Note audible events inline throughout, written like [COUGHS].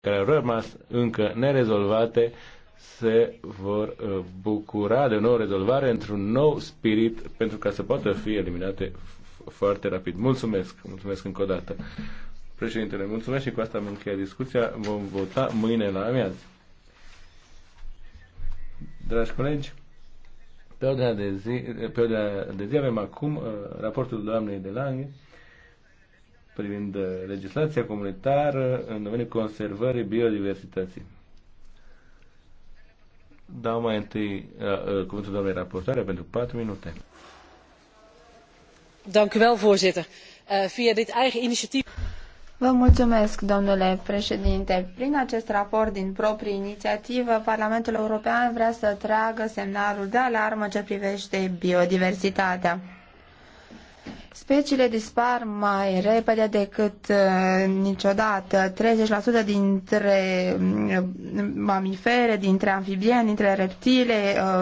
care au rămas încă nerezolvate se vor uh, bucura de o nouă rezolvare într-un nou spirit pentru ca să poată fi eliminate foarte rapid. Mulțumesc, mulțumesc încă o dată. Președintele, mulțumesc și cu asta am încheiat discuția. Vom vota mâine la amiază. Dragi colegi, pe ordinea de zi, pe ordinea de zi avem acum uh, raportul doamnei de Lange privind uh, legislația comunitară în domeniul conservării biodiversității. Dau mai întâi uh, uh, cuvântul domnului raportoare pentru 4 minute. Dank u wel, voorzitter. via dit eigen initiatief. Vă mulțumesc, domnule președinte. Prin acest raport din proprie inițiativă, Parlamentul European vrea să tragă semnalul de alarmă ce privește biodiversitatea. Speciile dispar mai repede decât uh, niciodată. 30% dintre mm, mamifere, dintre amfibieni, dintre reptile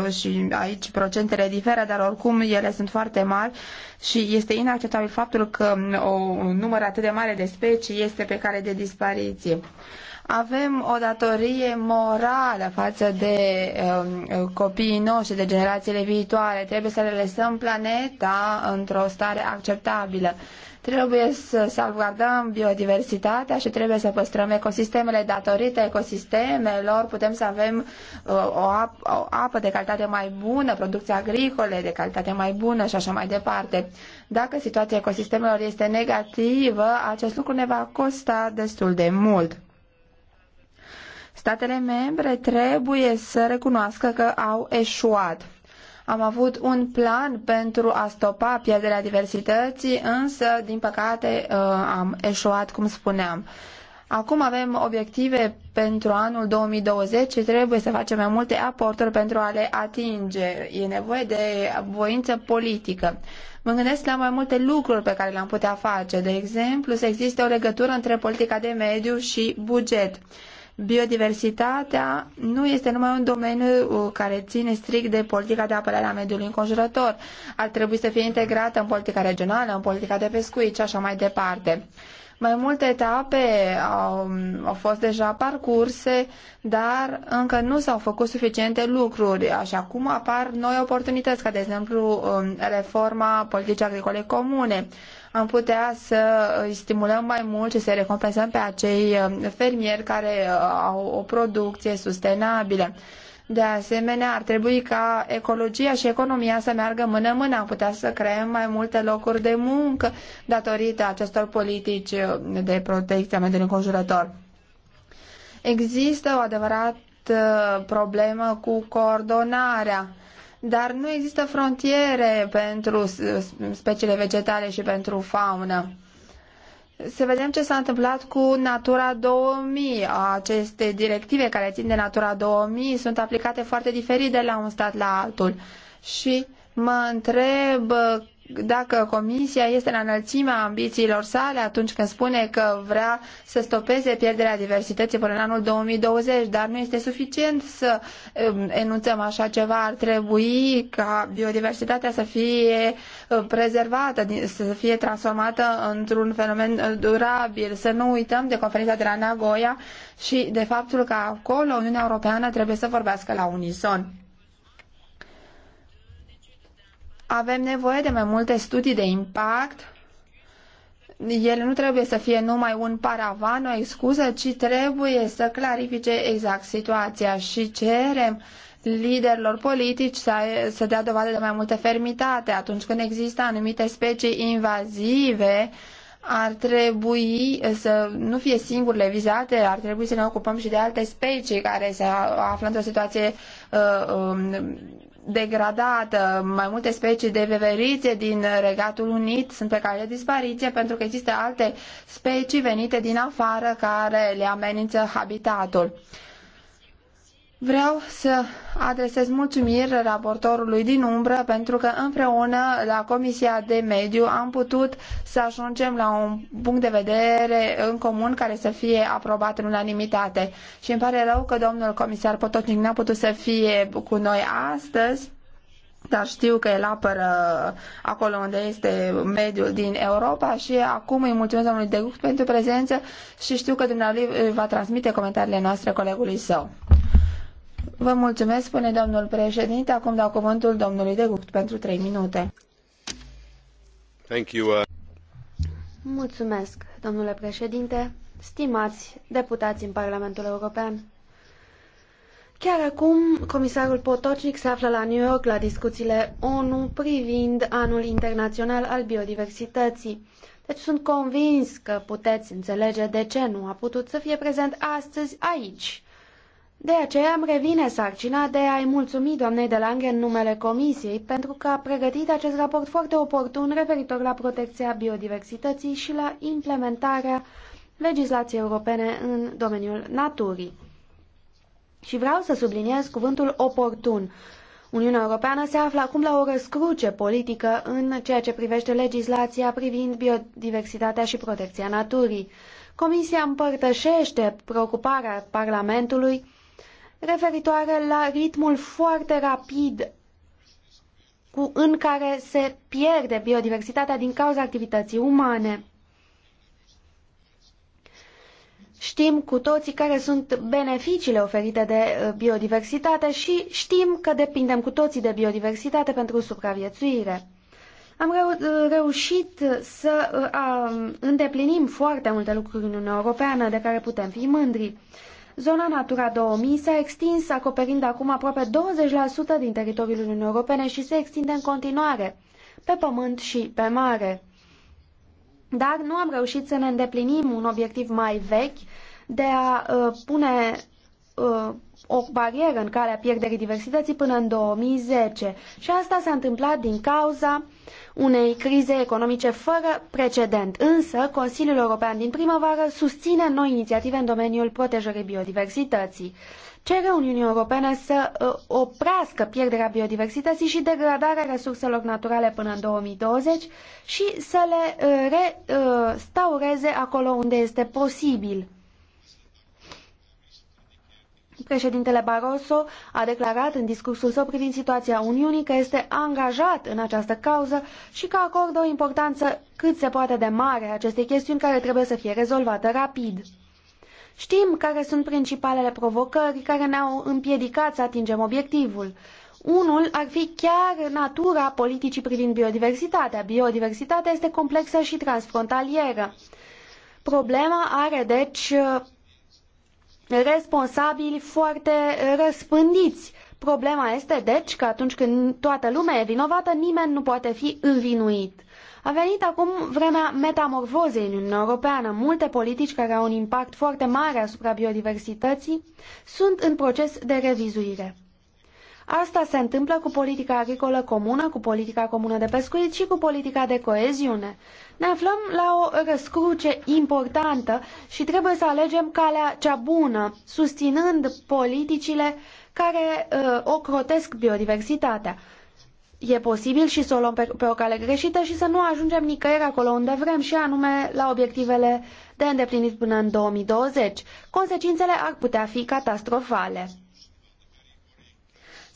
uh, și aici procentele diferă, dar oricum ele sunt foarte mari și este inacceptabil faptul că mm, o, un număr atât de mare de specii este pe care de dispariție avem o datorie morală față de um, copiii noștri, de generațiile viitoare. Trebuie să le lăsăm planeta într-o stare acceptabilă. Trebuie să salvgardăm biodiversitatea și trebuie să păstrăm ecosistemele. Datorită ecosistemelor putem să avem uh, o, ap- o apă de calitate mai bună, producție agricole de calitate mai bună și așa mai departe. Dacă situația ecosistemelor este negativă, acest lucru ne va costa destul de mult. Statele membre trebuie să recunoască că au eșuat. Am avut un plan pentru a stopa pierderea diversității, însă, din păcate, uh, am eșuat, cum spuneam. Acum avem obiective pentru anul 2020 și trebuie să facem mai multe aporturi pentru a le atinge. E nevoie de voință politică. Mă gândesc la mai multe lucruri pe care le-am putea face. De exemplu, să existe o legătură între politica de mediu și buget. Biodiversitatea nu este numai un domeniu uh, care ține strict de politica de apărare a mediului înconjurător. Ar trebui să fie integrată în politica regională, în politica de pescuit și așa mai departe. Mai multe etape au, um, au fost deja parcurse, dar încă nu s-au făcut suficiente lucruri, așa cum apar noi oportunități, ca de exemplu um, reforma politicii agricole comune am putea să îi stimulăm mai mult și să recompensăm pe acei uh, fermieri care uh, au o producție sustenabilă. De asemenea, ar trebui ca ecologia și economia să meargă mână-mână. Am putea să creăm mai multe locuri de muncă datorită acestor politici uh, de protecție a mediului înconjurător. Există o adevărat problemă cu coordonarea dar nu există frontiere pentru speciile vegetale și pentru faună. Să vedem ce s-a întâmplat cu Natura 2000. Aceste directive care țin de Natura 2000 sunt aplicate foarte diferit de la un stat la altul. Și Mă întreb uh, dacă Comisia este la în înălțimea ambițiilor sale atunci când spune că vrea să stopeze pierderea diversității până în anul 2020, dar nu este suficient să um, enunțăm așa ceva. Ar trebui ca biodiversitatea să fie uh, prezervată, să fie transformată într-un fenomen uh, durabil. Să nu uităm de conferința de la Nagoya și de faptul că acolo Uniunea Europeană trebuie să vorbească la unison. Avem nevoie de mai multe studii de impact. Ele nu trebuie să fie numai un paravan, o excuză, ci trebuie să clarifice exact situația și cerem liderilor politici să, să dea dovadă de mai multă fermitate. Atunci când există anumite specii invazive, ar trebui să nu fie singurile vizate, ar trebui să ne ocupăm și de alte specii care se află într-o situație uh, um, degradată. Mai multe specii de veverițe din Regatul Unit sunt pe cale de dispariție pentru că există alte specii venite din afară care le amenință habitatul. Vreau să adresez mulțumiri raportorului din umbră pentru că împreună la Comisia de Mediu am putut să ajungem la un punct de vedere în comun care să fie aprobat în unanimitate. Și îmi pare rău că domnul comisar Potocnic n-a putut să fie cu noi astăzi, dar știu că el apără acolo unde este mediul din Europa și acum îi mulțumesc domnului Deguc pentru prezență și știu că dumnealui va transmite comentariile noastre colegului său. Vă mulțumesc, spune domnul președinte. Acum dau cuvântul domnului de Gucht pentru 3 minute. Thank you, uh... Mulțumesc, domnule președinte, stimați deputați în Parlamentul European. Chiar acum, comisarul Potocnic se află la New York la discuțiile ONU privind anul internațional al biodiversității. Deci sunt convins că puteți înțelege de ce nu a putut să fie prezent astăzi aici, de aceea îmi revine sarcina de a-i mulțumi doamnei de Lange în numele Comisiei pentru că a pregătit acest raport foarte oportun referitor la protecția biodiversității și la implementarea legislației europene în domeniul naturii. Și vreau să subliniez cuvântul oportun. Uniunea Europeană se află acum la o răscruce politică în ceea ce privește legislația privind biodiversitatea și protecția naturii. Comisia împărtășește preocuparea Parlamentului referitoare la ritmul foarte rapid cu, în care se pierde biodiversitatea din cauza activității umane. Știm cu toții care sunt beneficiile oferite de uh, biodiversitate și știm că depindem cu toții de biodiversitate pentru supraviețuire. Am reu uh, reușit să uh, a, îndeplinim foarte multe lucruri în Uniunea Europeană de care putem fi mândri. Zona Natura 2000 s-a extins, acoperind acum aproape 20% din teritoriul Uniunii Europene și se extinde în continuare, pe pământ și pe mare. Dar nu am reușit să ne îndeplinim un obiectiv mai vechi de a uh, pune uh, o barieră în calea pierderii diversității până în 2010 și asta s-a întâmplat din cauza unei crize economice fără precedent. Însă, Consiliul European din primăvară susține noi inițiative în domeniul protejării biodiversității. Cere Uniunii Europene să uh, oprească pierderea biodiversității și degradarea resurselor naturale până în 2020 și să le uh, restaureze uh, acolo unde este posibil. Președintele Barroso a declarat în discursul său privind situația Uniunii că este angajat în această cauză și că acordă o importanță cât se poate de mare acestei chestiuni care trebuie să fie rezolvată rapid. Știm care sunt principalele provocări care ne-au împiedicat să atingem obiectivul. Unul ar fi chiar natura politicii privind biodiversitatea. Biodiversitatea este complexă și transfrontalieră. Problema are, deci, responsabili foarte răspândiți. Problema este, deci, că atunci când toată lumea e vinovată, nimeni nu poate fi învinuit. A venit acum vremea metamorfozei în Uniunea Europeană. Multe politici care au un impact foarte mare asupra biodiversității sunt în proces de revizuire. Asta se întâmplă cu politica agricolă comună, cu politica comună de pescuit și cu politica de coeziune. Ne aflăm la o răscruce importantă și trebuie să alegem calea cea bună, susținând politicile care uh, ocrotesc biodiversitatea. E posibil și să o luăm pe, pe o cale greșită și să nu ajungem nicăieri acolo unde vrem și anume la obiectivele de îndeplinit până în 2020. Consecințele ar putea fi catastrofale.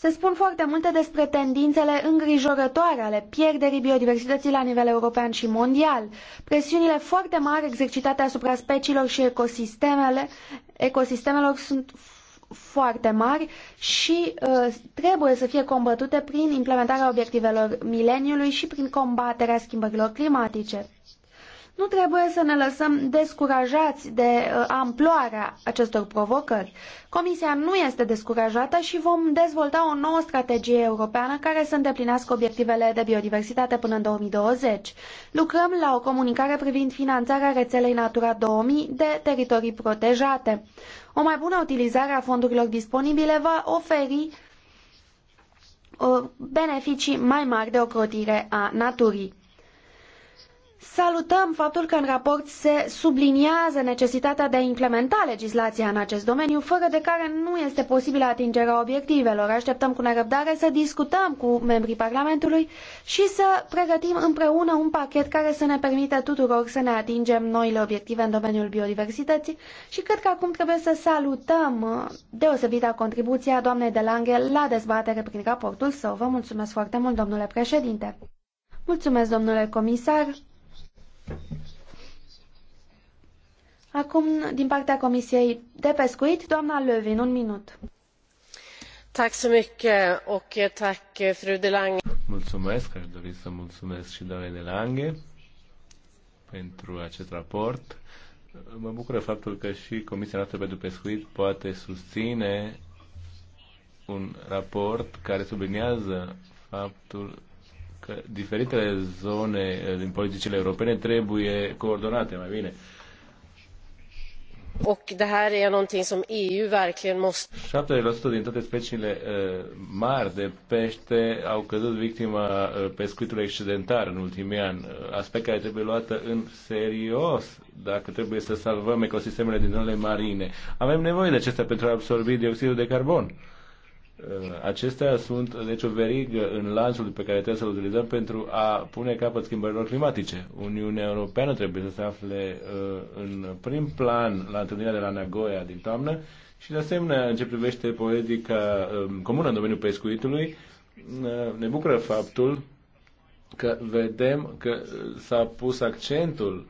Se spun foarte multe despre tendințele îngrijorătoare ale pierderii biodiversității la nivel european și mondial, presiunile foarte mari exercitate asupra speciilor și ecosistemele, ecosistemelor sunt foarte mari și uh, trebuie să fie combătute prin implementarea obiectivelor mileniului și prin combaterea schimbărilor climatice. Nu trebuie să ne lăsăm descurajați de uh, amploarea acestor provocări. Comisia nu este descurajată și vom dezvolta o nouă strategie europeană care să îndeplinească obiectivele de biodiversitate până în 2020. Lucrăm la o comunicare privind finanțarea rețelei Natura 2000 de teritorii protejate. O mai bună utilizare a fondurilor disponibile va oferi uh, beneficii mai mari de ocrotire a naturii. Salutăm faptul că în raport se subliniază necesitatea de a implementa legislația în acest domeniu, fără de care nu este posibilă atingerea obiectivelor. Așteptăm cu nerăbdare să discutăm cu membrii Parlamentului și să pregătim împreună un pachet care să ne permită tuturor să ne atingem noile obiective în domeniul biodiversității și cred că acum trebuie să salutăm deosebita contribuție a doamnei de Lange la dezbatere prin raportul său. Vă mulțumesc foarte mult, domnule președinte. Mulțumesc, domnule comisar. Acum, din partea Comisiei de Pescuit, doamna Lövin, un minut. Mulțumesc, aș dori să mulțumesc și doamnei de Lange pentru acest raport. Mă bucură faptul că și Comisia noastră pentru Pescuit poate susține un raport care subliniază faptul că diferitele zone eh, din politicile europene trebuie coordonate mai bine. Och det här är någonting som EU verkligen måste... 7% din toate speciile eh, mari de pește au căzut victima eh, pescuitului excedentar în ultimii ani, aspect care trebuie luat în serios dacă trebuie să salvăm ecosistemele din zonele marine. Avem nevoie de acestea pentru a absorbi dioxidul de carbon. Uh, acestea sunt, deci, o verigă în lanțul pe care trebuie să-l utilizăm pentru a pune capăt schimbărilor climatice. Uniunea Europeană trebuie să se afle uh, în prim plan la întâlnirea de la Nagoya din toamnă și, de asemenea, în ce privește politica um, comună în domeniul pescuitului, uh, ne bucură faptul că vedem că s-a pus accentul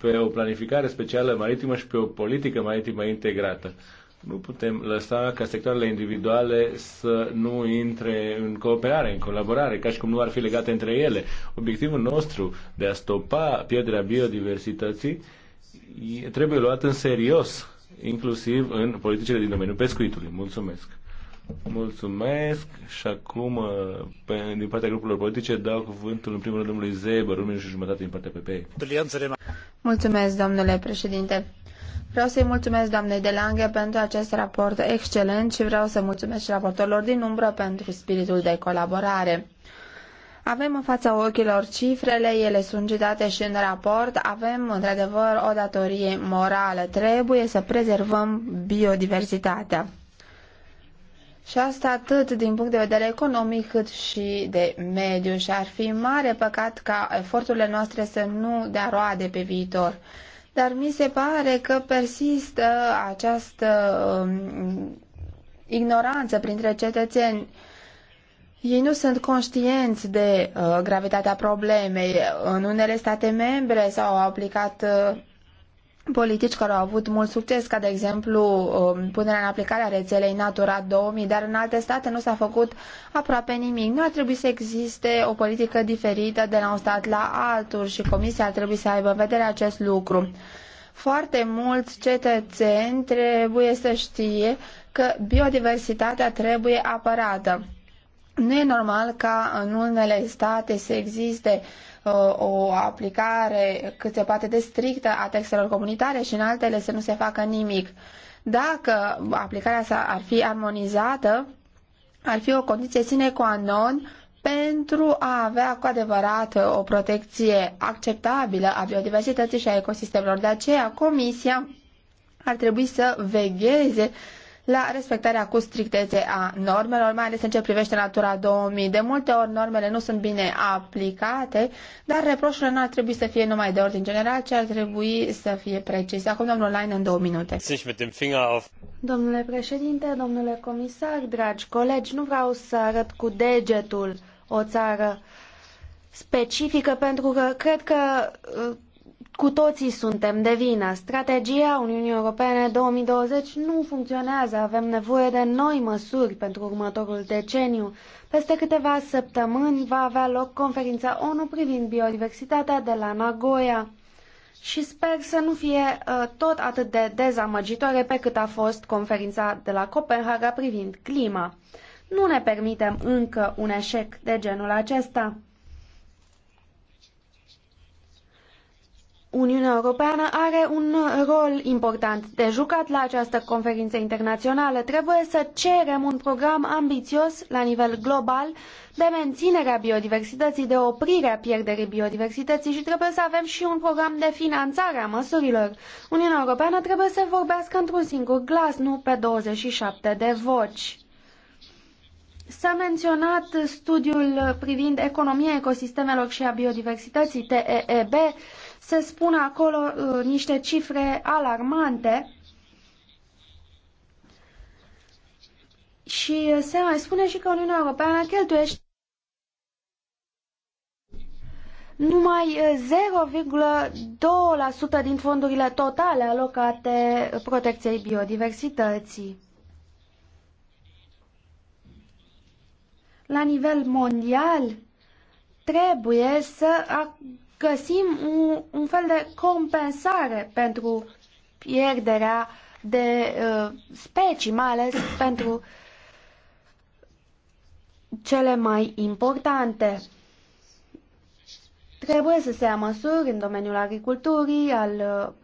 pe o planificare specială maritimă și pe o politică maritimă integrată. Nu putem lăsa ca sectoarele individuale să nu intre în cooperare, în colaborare, ca și cum nu ar fi legate între ele. Obiectivul nostru de a stopa pierderea biodiversității trebuie luat în serios, inclusiv în politicile din domeniul pescuitului. Mulțumesc! Mulțumesc și acum pe, din partea grupurilor politice dau cuvântul în primul rând domnului Zeber, un minut și jumătate din partea PP. Mulțumesc, domnule președinte. Vreau să-i mulțumesc doamnei de Lange pentru acest raport excelent și vreau să mulțumesc și raportorilor din umbră pentru spiritul de colaborare. Avem în fața ochilor cifrele, ele sunt citate și în raport, avem într-adevăr o datorie morală, trebuie să prezervăm biodiversitatea. Și asta atât din punct de vedere economic cât și de mediu și ar fi mare păcat ca eforturile noastre să nu dea roade pe viitor dar mi se pare că persistă această um, ignoranță printre cetățeni. Ei nu sunt conștienți de uh, gravitatea problemei. În unele state membre s-au aplicat uh, politici care au avut mult succes, ca de exemplu um, punerea în aplicare a rețelei Natura 2000, dar în alte state nu s-a făcut aproape nimic. Nu ar trebui să existe o politică diferită de la un stat la altul și Comisia ar trebui să aibă în vedere acest lucru. Foarte mulți cetățeni trebuie să știe că biodiversitatea trebuie apărată. Nu e normal ca în unele state să existe Uh, o aplicare cât se poate de strictă a textelor comunitare și în altele să nu se facă nimic. Dacă aplicarea sa ar fi armonizată, ar fi o condiție sine qua non pentru a avea cu adevărat o protecție acceptabilă a biodiversității și a ecosistemelor. De aceea, Comisia ar trebui să vegheze la respectarea cu strictețe a normelor, mai ales în ce privește Natura 2000. De multe ori normele nu sunt bine aplicate, dar reproșurile nu ar trebui să fie numai de ordin general, ci ar trebui să fie precise. Acum, domnul Lain, în două minute. Domnule președinte, domnule comisar, dragi colegi, nu vreau să arăt cu degetul o țară specifică pentru că cred că cu toții suntem de vină. Strategia Uniunii Europene 2020 nu funcționează. Avem nevoie de noi măsuri pentru următorul deceniu. Peste câteva săptămâni va avea loc conferința ONU privind biodiversitatea de la Nagoya. Și sper să nu fie uh, tot atât de dezamăgitoare pe cât a fost conferința de la Copenhaga privind clima. Nu ne permitem încă un eșec de genul acesta. Uniunea Europeană are un rol important de jucat la această conferință internațională. Trebuie să cerem un program ambițios la nivel global de menținere a biodiversității, de oprire a pierderii biodiversității și trebuie să avem și un program de finanțare a măsurilor. Uniunea Europeană trebuie să vorbească într-un singur glas, nu pe 27 de voci. S-a menționat studiul privind economia ecosistemelor și a biodiversității TEEB, se spun acolo uh, niște cifre alarmante și se mai spune și că Uniunea Europeană cheltuiește numai 0,2% uh, din fondurile totale alocate protecției biodiversității. La nivel mondial, trebuie să găsim un, un fel de compensare pentru pierderea de uh, specii, mai ales [COUGHS] pentru cele mai importante. Trebuie să se ia măsuri în domeniul agriculturii, al uh,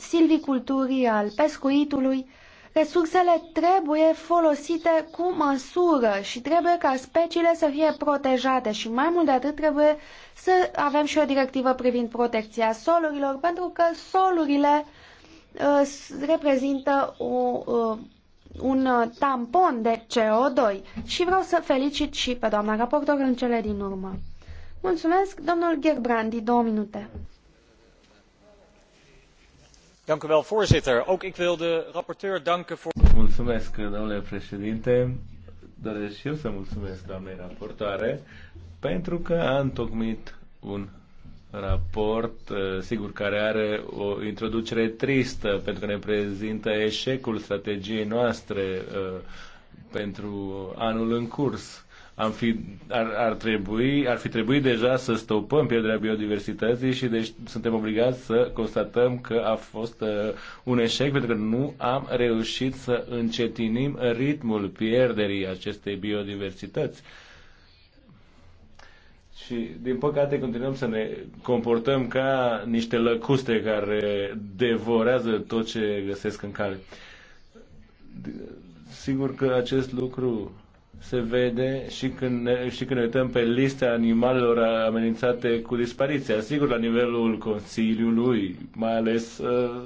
silviculturii, al pescuitului, Resursele trebuie folosite cu măsură și trebuie ca speciile să fie protejate și mai mult de atât trebuie să avem și o directivă privind protecția solurilor pentru că solurile uh, reprezintă o, uh, un tampon de CO2 și vreau să felicit și pe doamna raportor în cele din urmă. Mulțumesc, domnul Gerbrandi, două minute voorzitter ook ik wil de rapporteur danken voor. mulțumesc domnule președinte doresc și eu să mulțumesc doamnei raportoare pentru că a întocmit un raport, eh, sigur, care are o introducere tristă, pentru că ne prezintă eșecul strategiei noastre eh, pentru anul în curs am fi, ar, ar, trebui, ar fi trebuit deja să stopăm pierderea biodiversității și deci suntem obligați să constatăm că a fost uh, un eșec pentru că nu am reușit să încetinim ritmul pierderii acestei biodiversități. Și, din păcate, continuăm să ne comportăm ca niște lăcuste care devorează tot ce găsesc în cale. Sigur că acest lucru se vede și când, ne, și când ne uităm pe lista animalelor amenințate cu dispariția. Sigur, la nivelul Consiliului, mai ales, uh,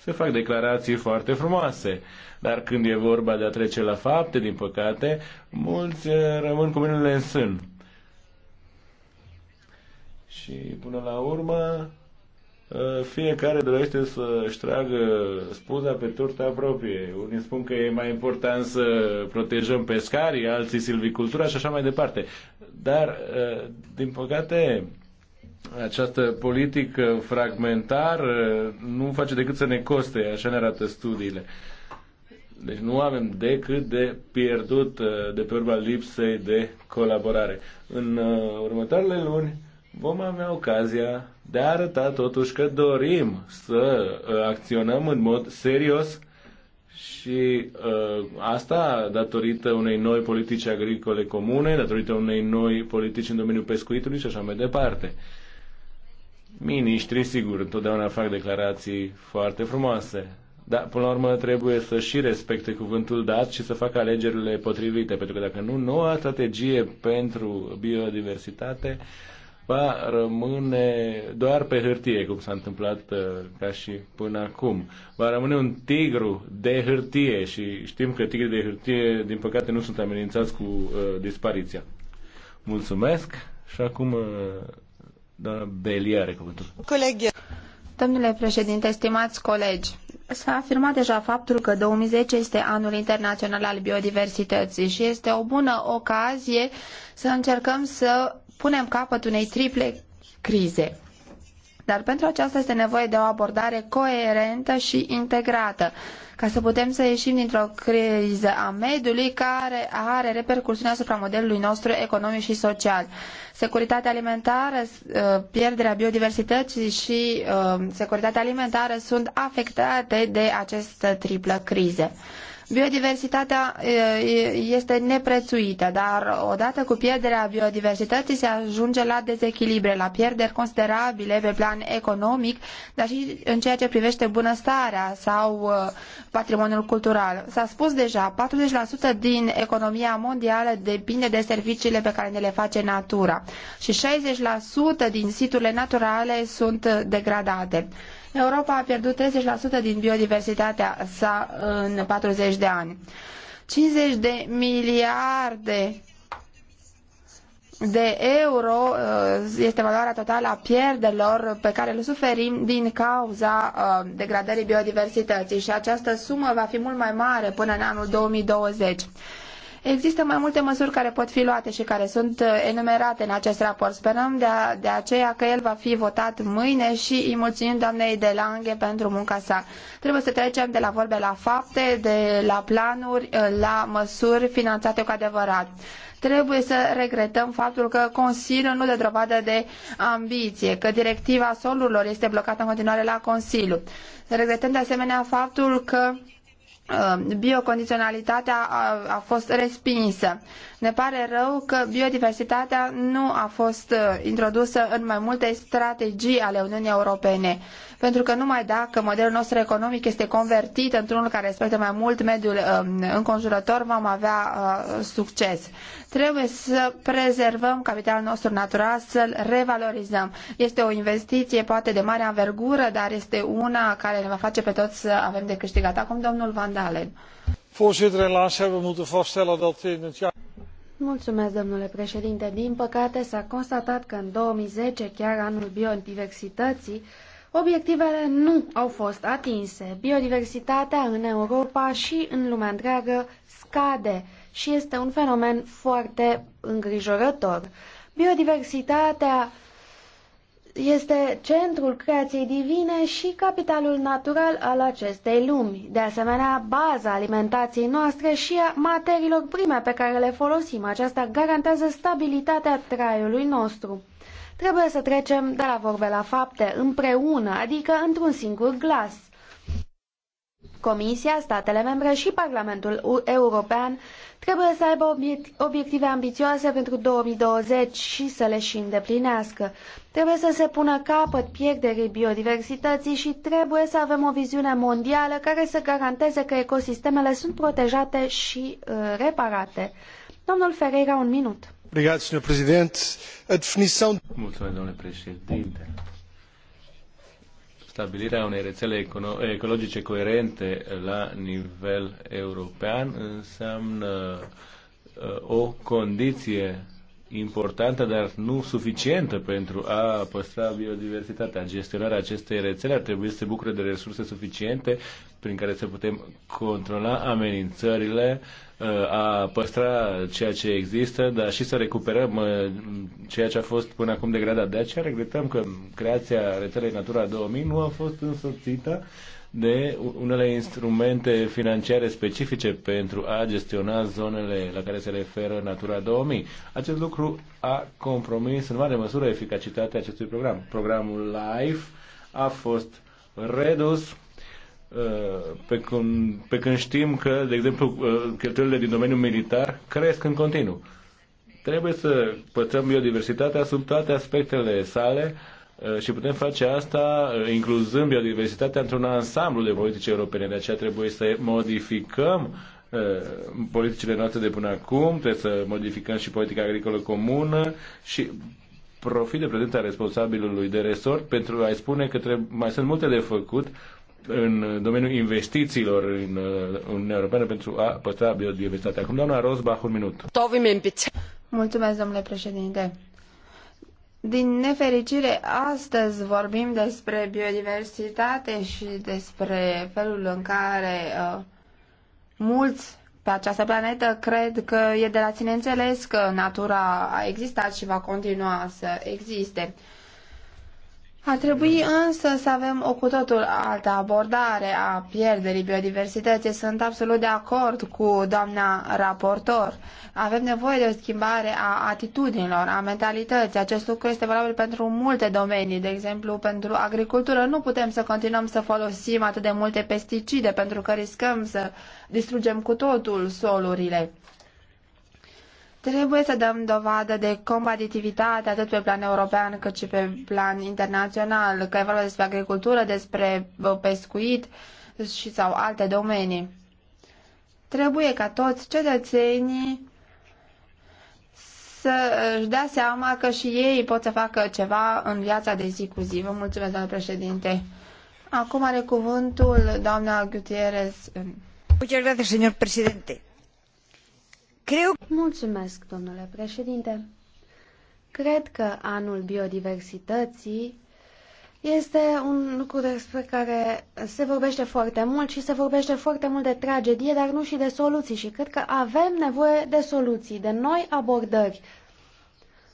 se fac declarații foarte frumoase. Dar când e vorba de a trece la fapte, din păcate, mulți uh, rămân cu mâinile în sân. Și până la urmă, Eh, fiecare dorește să-și tragă spuza pe turta proprie. Unii spun că e mai important să protejăm pescarii, alții silvicultura și așa mai departe. Dar, eh, din păcate, această politică fragmentar eh, nu face decât să ne coste, așa ne arată studiile. Deci nu avem decât de pierdut de pe urma lipsei de colaborare. În următoarele luni, vom avea ocazia de a arăta totuși că dorim să uh, acționăm în mod serios și uh, asta datorită unei noi politici agricole comune, datorită unei noi politici în domeniul pescuitului și așa mai departe. Miniștrii, sigur, întotdeauna fac declarații foarte frumoase, dar până la urmă trebuie să și respecte cuvântul dat și să facă alegerile potrivite, pentru că dacă nu, noua strategie pentru biodiversitate uh, va rămâne doar pe hârtie, cum s-a întâmplat uh, ca și până acum. Va rămâne un tigru de hârtie și știm că tigrii de hârtie, din păcate, nu sunt amenințați cu uh, dispariția. Mulțumesc și acum uh, doamna Belia are cuvântul. Colegi. Domnule președinte, stimați colegi, S-a afirmat deja faptul că 2010 este anul internațional al biodiversității și este o bună ocazie să încercăm să punem capăt unei triple crize. Dar pentru aceasta este nevoie de o abordare coerentă și integrată, ca să putem să ieșim dintr-o criză a mediului care are repercursiuni asupra modelului nostru economic și social. Securitatea alimentară, uh, pierderea biodiversității și uh, securitatea alimentară sunt afectate de această triplă criză. Biodiversitatea este neprețuită, dar odată cu pierderea biodiversității se ajunge la dezechilibre, la pierderi considerabile pe plan economic, dar și în ceea ce privește bunăstarea sau patrimoniul cultural. S-a spus deja, 40% din economia mondială depinde de serviciile pe care ne le face natura și 60% din siturile naturale sunt degradate. Europa a pierdut 30% din biodiversitatea sa în 40 de ani. 50 de miliarde de euro uh, este valoarea totală a pierderilor pe care le suferim din cauza uh, degradării biodiversității și această sumă va fi mult mai mare până în anul 2020. Există mai multe măsuri care pot fi luate și care sunt uh, enumerate în acest raport. Sperăm de, a, de aceea că el va fi votat mâine și îi mulțumim doamnei de Lange pentru munca sa. Trebuie să trecem de la vorbe la fapte, de la planuri, uh, la măsuri finanțate cu adevărat trebuie să regretăm faptul că Consiliul nu dă dovadă de ambiție, că directiva solurilor este blocată în continuare la Consiliu. Regretăm de asemenea faptul că Uh, biocondiționalitatea a, fost respinsă. Ne pare rău că biodiversitatea nu a fost uh, introdusă în mai multe strategii ale Uniunii Europene, pentru că numai dacă modelul nostru economic este convertit într-unul care respectă mai mult mediul um, înconjurător, vom avea uh, succes. Trebuie să prezervăm capitalul nostru natural, să-l revalorizăm. Este o investiție poate de mare anvergură, dar este una care ne va face pe toți să avem de câștigat. Acum, domnul Vanda Dalen. Voorzitter, helaas hebben we moeten vaststellen dat in het jaar... Mulțumesc, domnule președinte. Din păcate, s-a constatat că în 2010, chiar anul biodiversității, obiectivele nu au fost atinse. Biodiversitatea în Europa și în lumea întreagă scade și este un fenomen foarte îngrijorător. Biodiversitatea este centrul creației divine și capitalul natural al acestei lumi, de asemenea baza alimentației noastre și a materiilor prime pe care le folosim. Aceasta garantează stabilitatea traiului nostru. Trebuie să trecem de la vorbe la fapte, împreună, adică într-un singur glas. Comisia, statele membre și Parlamentul European trebuie să aibă obiective ambițioase pentru 2020 și să le și îndeplinească. Trebuie să se pună capăt pierderii biodiversității și trebuie să avem o viziune mondială care să garanteze că ecosistemele sunt protejate și uh, reparate. Domnul Ferreira, un minut. Mulțumesc, domnule președinte. Stabilirea unei rețele ecologice coerente la nivel european înseamnă uh, o condiție importantă, dar nu suficientă pentru a păstra biodiversitatea. Gestionarea acestei rețele ar trebui să se bucure de resurse suficiente prin care să putem controla amenințările, uh, a păstra ceea ce există, dar și să recuperăm uh, ceea ce a fost până acum degradat. De aceea regretăm că creația rețelei Natura 2000 nu a fost însoțită de unele instrumente financiare specifice pentru a gestiona zonele la care se referă Natura 2000. Acest lucru a compromis în mare măsură eficacitatea acestui program. Programul LIFE a fost redus uh, pe când, pe când știm că, de exemplu, uh, cheltuielile din domeniul militar cresc în continuu. Trebuie să păstrăm biodiversitatea sub toate aspectele sale, Eh, și putem face asta eh, incluzând biodiversitatea într-un ansamblu de politici europene. De aceea trebuie să modificăm eh, politicile noastre de până acum, trebuie să modificăm și politica agricolă comună și profit de prezența responsabilului de resort pentru a-i spune că trebuie, mai sunt multe de făcut în domeniul investițiilor în Uniunea Europeană pentru a păstra biodiversitatea. Acum, doamna Rosbach, un minut. Mulțumesc, domnule președinte. Din nefericire, astăzi vorbim despre biodiversitate și despre felul în care uh, mulți pe această planetă cred că e de la sine înțeles că natura a existat și va continua să existe. Uh, ar trebui însă să avem o cu totul altă abordare a pierderii biodiversității. Sunt absolut de acord cu doamna raportor. Avem nevoie de o schimbare a atitudinilor, a mentalității. Acest lucru este valabil pentru multe domenii, de exemplu pentru agricultură. Nu putem să continuăm să folosim atât de multe pesticide pentru că riscăm să distrugem cu totul solurile. Trebuie să dăm dovadă de combativitate atât pe plan european cât și pe plan internațional, că e vorba despre agricultură, despre pescuit și sau alte domenii. Trebuie ca toți cetățenii să își dea seama că și ei pot să facă ceva în viața de zi cu zi. Vă mulțumesc, doamnă președinte. Acum are cuvântul doamna Gutierrez. Muchas gracias, señor presidente Creu... Mulțumesc, domnule președinte. Cred că anul biodiversității este un lucru despre care se vorbește foarte mult și se vorbește foarte mult de tragedie, dar nu și de soluții. Și cred că avem nevoie de soluții, de noi abordări.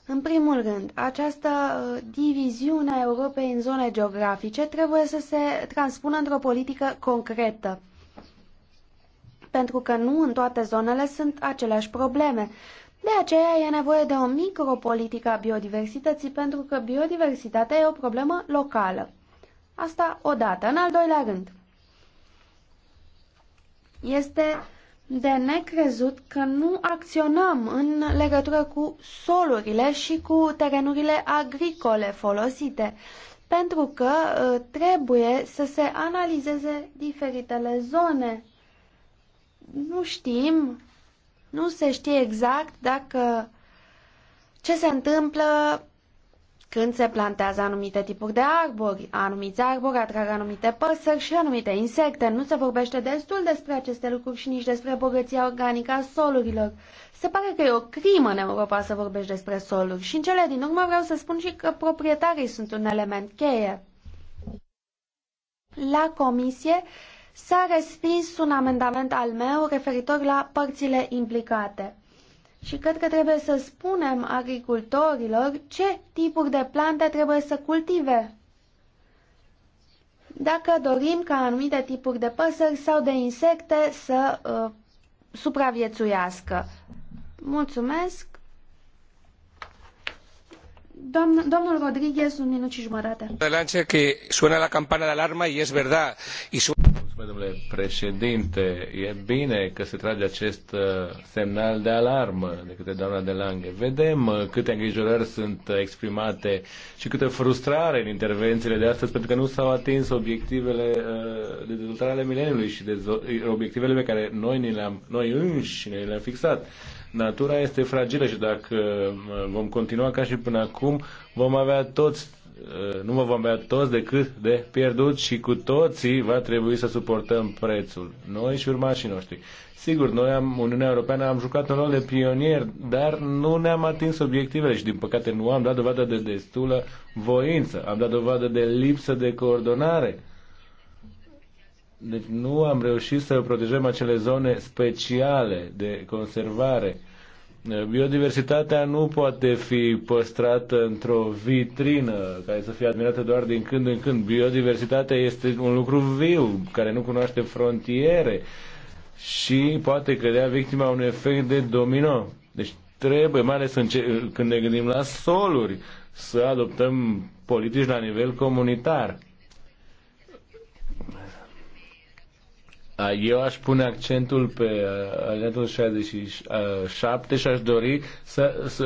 În primul rând, această uh, diviziune a Europei în zone geografice trebuie să se transpună într-o politică concretă pentru că nu în toate zonele sunt aceleași probleme. De aceea e nevoie de o micropolitică a biodiversității, pentru că biodiversitatea e o problemă locală. Asta odată. În al doilea rând, este de necrezut că nu acționăm în legătură cu solurile și cu terenurile agricole folosite, pentru că uh, trebuie să se analizeze diferitele zone nu știm, nu se știe exact dacă ce se întâmplă când se plantează anumite tipuri de arbori. Anumiți arbori atrag anumite păsări și anumite insecte. Nu se vorbește destul despre aceste lucruri și nici despre bogăția organică a solurilor. Se pare că e o crimă în Europa să vorbești despre soluri. Și în cele din urmă vreau să spun și că proprietarii sunt un element cheie. La comisie s-a respins un amendament al meu referitor la părțile implicate. Și cred că trebuie să spunem agricultorilor ce tipuri de plante trebuie să cultive. Dacă dorim ca anumite tipuri de păsări sau de insecte să uh, supraviețuiască. Mulțumesc! Doamna, domnul Rodriguez, un minut și jumătate. că sună la campana de alarmă, e verdad. Mulțumesc, domnule președinte. E bine că se trage acest uh, semnal de alarmă de către doamna de Lange. Vedem uh, câte îngrijorări sunt exprimate și câtă frustrare în intervențiile de astăzi, pentru că nu s-au atins obiectivele uh, de dezvoltare ale mileniului și de obiectivele pe care noi, ni le-am, noi înși ne le-am fixat natura este fragilă și dacă uh, vom continua ca și până acum, vom avea toți uh, nu mă vom avea toți decât de pierdut și cu toții va trebui să suportăm prețul, noi și urmașii noștri. Sigur, noi, am, Uniunea Europeană, am jucat un rol de pionier, dar nu ne-am atins obiectivele și, din păcate, nu am dat dovadă de destulă voință, am dat dovadă de lipsă de coordonare. Deci nu am reușit să protejăm acele zone speciale de conservare Biodiversitatea nu poate fi păstrată într-o vitrină care să fie admirată doar din când în când. Biodiversitatea este un lucru viu, care nu cunoaște frontiere și poate cădea victima un efect de domino. Deci trebuie, mai ales când ne gândim la soluri, să adoptăm politici la nivel comunitar. Eu aș pune accentul pe uh, alinatul 67 și aș dori să, să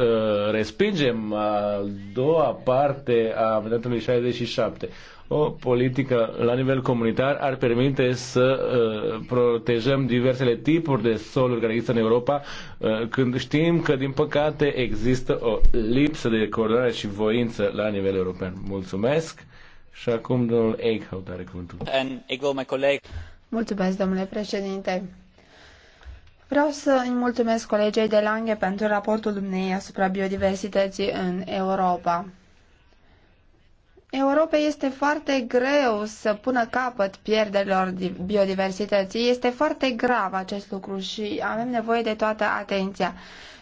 respingem a doua parte a alinatului 67. O politică la nivel comunitar ar permite să uh, protejăm diversele tipuri de soluri care există în Europa, uh, când știm că, din păcate, există o lipsă de coordonare și voință la nivel european. Mulțumesc! Și acum domnul Eichhout are cuvântul. Mulțumesc, domnule președinte. Vreau să îi mulțumesc colegei de Lange pentru raportul dumnei asupra biodiversității în Europa. Europa este foarte greu să pună capăt pierderilor biodiversității. Este foarte grav acest lucru și avem nevoie de toată atenția.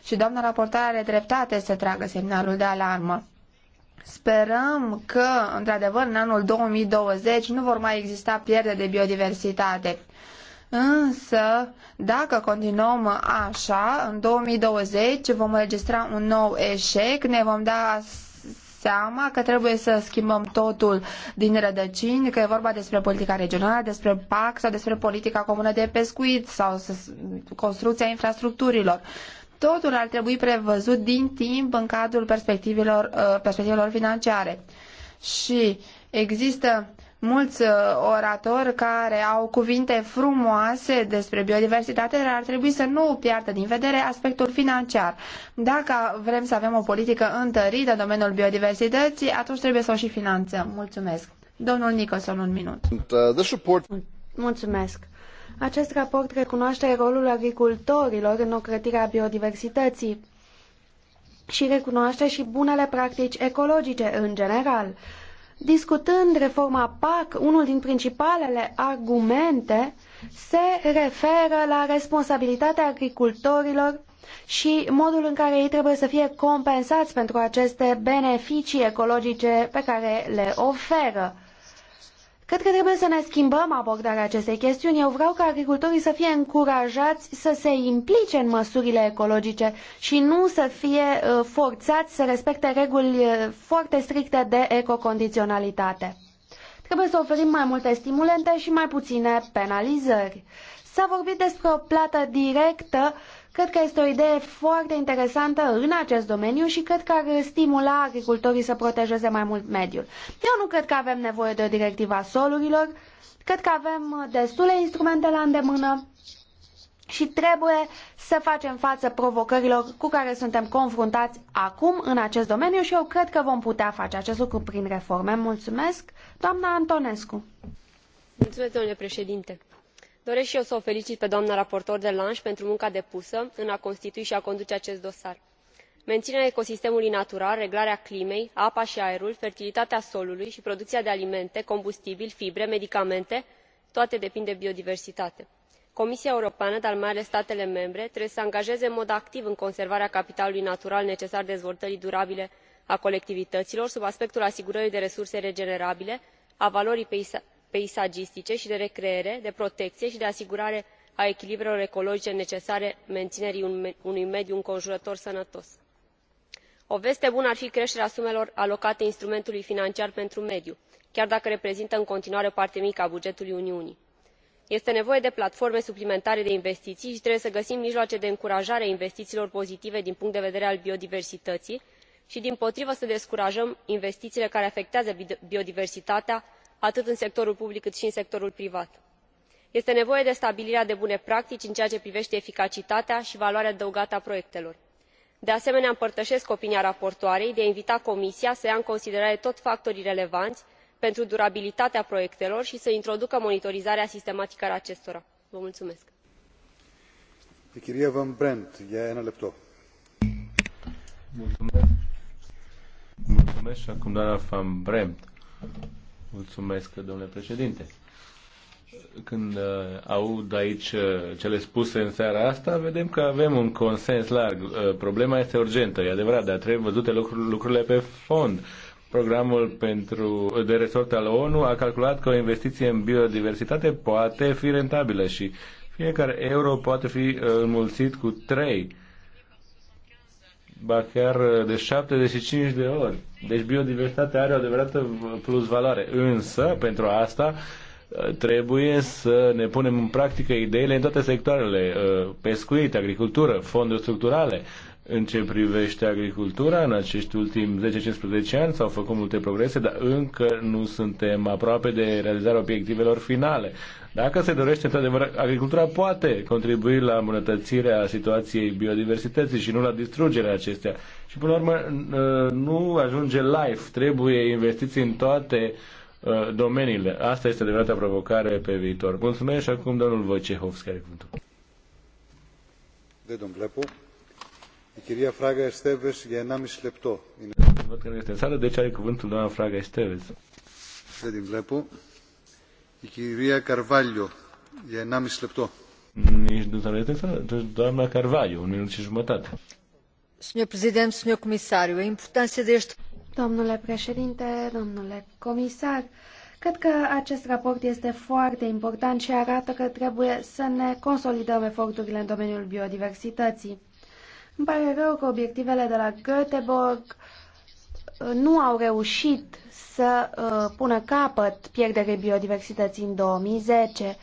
Și doamna raportare are dreptate să tragă semnalul de alarmă. Sperăm că, într-adevăr, în anul 2020 nu vor mai exista pierderi de biodiversitate. Însă, dacă continuăm așa, în 2020 vom registra un nou eșec, ne vom da seama că trebuie să schimbăm totul din rădăcini, că e vorba despre politica regională, despre PAC sau despre politica comună de pescuit sau construcția infrastructurilor totul ar trebui prevăzut din timp în cadrul perspectivelor, uh, perspectivelor financiare. Și există mulți uh, oratori care au cuvinte frumoase despre biodiversitate, dar ar trebui să nu piardă din vedere aspectul financiar. Dacă vrem să avem o politică întărită în domeniul biodiversității, atunci trebuie să o și finanțăm. Mulțumesc. Domnul Nicholson, un minut. Uh, mulțumesc. Acest raport recunoaște rolul agricultorilor în ocrătirea biodiversității și recunoaște și bunele practici ecologice în general. Discutând reforma PAC, unul din principalele argumente se referă la responsabilitatea agricultorilor și modul în care ei trebuie să fie compensați pentru aceste beneficii ecologice pe care le oferă. Cred că trebuie să ne schimbăm abordarea acestei chestiuni. Eu vreau ca agricultorii să fie încurajați să se implice în măsurile ecologice și nu să fie uh, forțați să respecte reguli uh, foarte stricte de ecocondiționalitate. Trebuie să oferim mai multe stimulente și mai puține penalizări. S-a vorbit despre o plată directă, cred că este o idee foarte interesantă în acest domeniu și cred că ar stimula agricultorii să protejeze mai mult mediul. Eu nu cred că avem nevoie de o directivă a solurilor, cred că avem destule instrumente la îndemână și trebuie să facem față provocărilor cu care suntem confruntați acum în acest domeniu și eu cred că vom putea face acest lucru prin reforme. Mulțumesc, doamna Antonescu. Mulțumesc, domnule președinte. Doresc și eu să o felicit pe doamna raportor de Lange pentru munca depusă în a constitui și a conduce acest dosar. Menținerea ecosistemului natural, reglarea climei, apa și aerul, fertilitatea solului și producția de alimente, combustibili, fibre, medicamente, toate depind de biodiversitate comisia europeană dar mai ales statele membre trebuie să se angajeze în mod activ în conservarea capitalului natural necesar dezvoltării durabile a colectivităilor sub aspectul asigurării de resurse regenerabile a valorii peisagistice i de recreere de protecie i de asigurare a echilibrelor ecologice necesare meninerii unui mediu înconjurător sănătos. o veste bună ar fi creterea sumelor alocate instrumentului financiar pentru mediu chiar dacă reprezintă în continuare o parte mică a bugetului uniunii este nevoie de platforme suplimentare de investiii i trebuie să găsim mijloace de încurajare a investiiilor pozitive din punct de vedere al biodiversităii i dimpotrivă să descurajăm investiiile care afectează biodiversitatea atât în sectorul public cât i în sectorul privat. este nevoie de stabilirea de bune practici în ceea ce privete eficacitatea i valoarea adăugată a proiectelor. de asemenea împărtăesc opinia raportoarei de a invita comisia să ia în considerare toi factorii relevani pentru durabilitatea proiectelor i să introducă monitorizarea sistematică a acestora. Mulțumesc, domnule președinte. Când uh, aud aici uh, cele spuse în seara asta, vedem că avem un consens larg. Uh, problema este urgentă, e adevărat, dar trebuie văzute lucrurile pe fond. Programul pentru, de resort al ONU a calculat că o investiție în biodiversitate poate fi rentabilă și fiecare euro poate fi uh, înmulțit cu 3, ba chiar uh, de 75 de ori. Deci biodiversitatea are o adevărată plus valoare. Însă, pentru asta, uh, trebuie să ne punem în practică ideile în toate sectoarele, pescuit, agricultură, fonduri structurale, în ce privește agricultura, în acești ultimi 10-15 ani s-au făcut multe progrese, dar încă nu suntem aproape de realizarea obiectivelor finale. Dacă se dorește, într-adevăr, agricultura poate contribui la îmbunătățirea situației biodiversității și nu la distrugerea acestea. Și, până la urmă, uh, nu ajunge life, trebuie investiții în toate uh, domeniile. Asta este adevărata provocare pe viitor. Mulțumesc și acum domnul Vojcehovski, are De domnul Lepu. Văd că nu este în sală, deci are cuvântul doamna Fraga Esteves. nu deci, un minut și jumătate. Domnule președinte, domnule comisar, importanța Domnule președinte, domnule comisar, Cred că acest raport este foarte important și arată că trebuie să ne consolidăm eforturile în domeniul biodiversității. Îmi pare rău că obiectivele de la Göteborg uh, nu au reușit să uh, pună capăt pierderii biodiversității în 2010.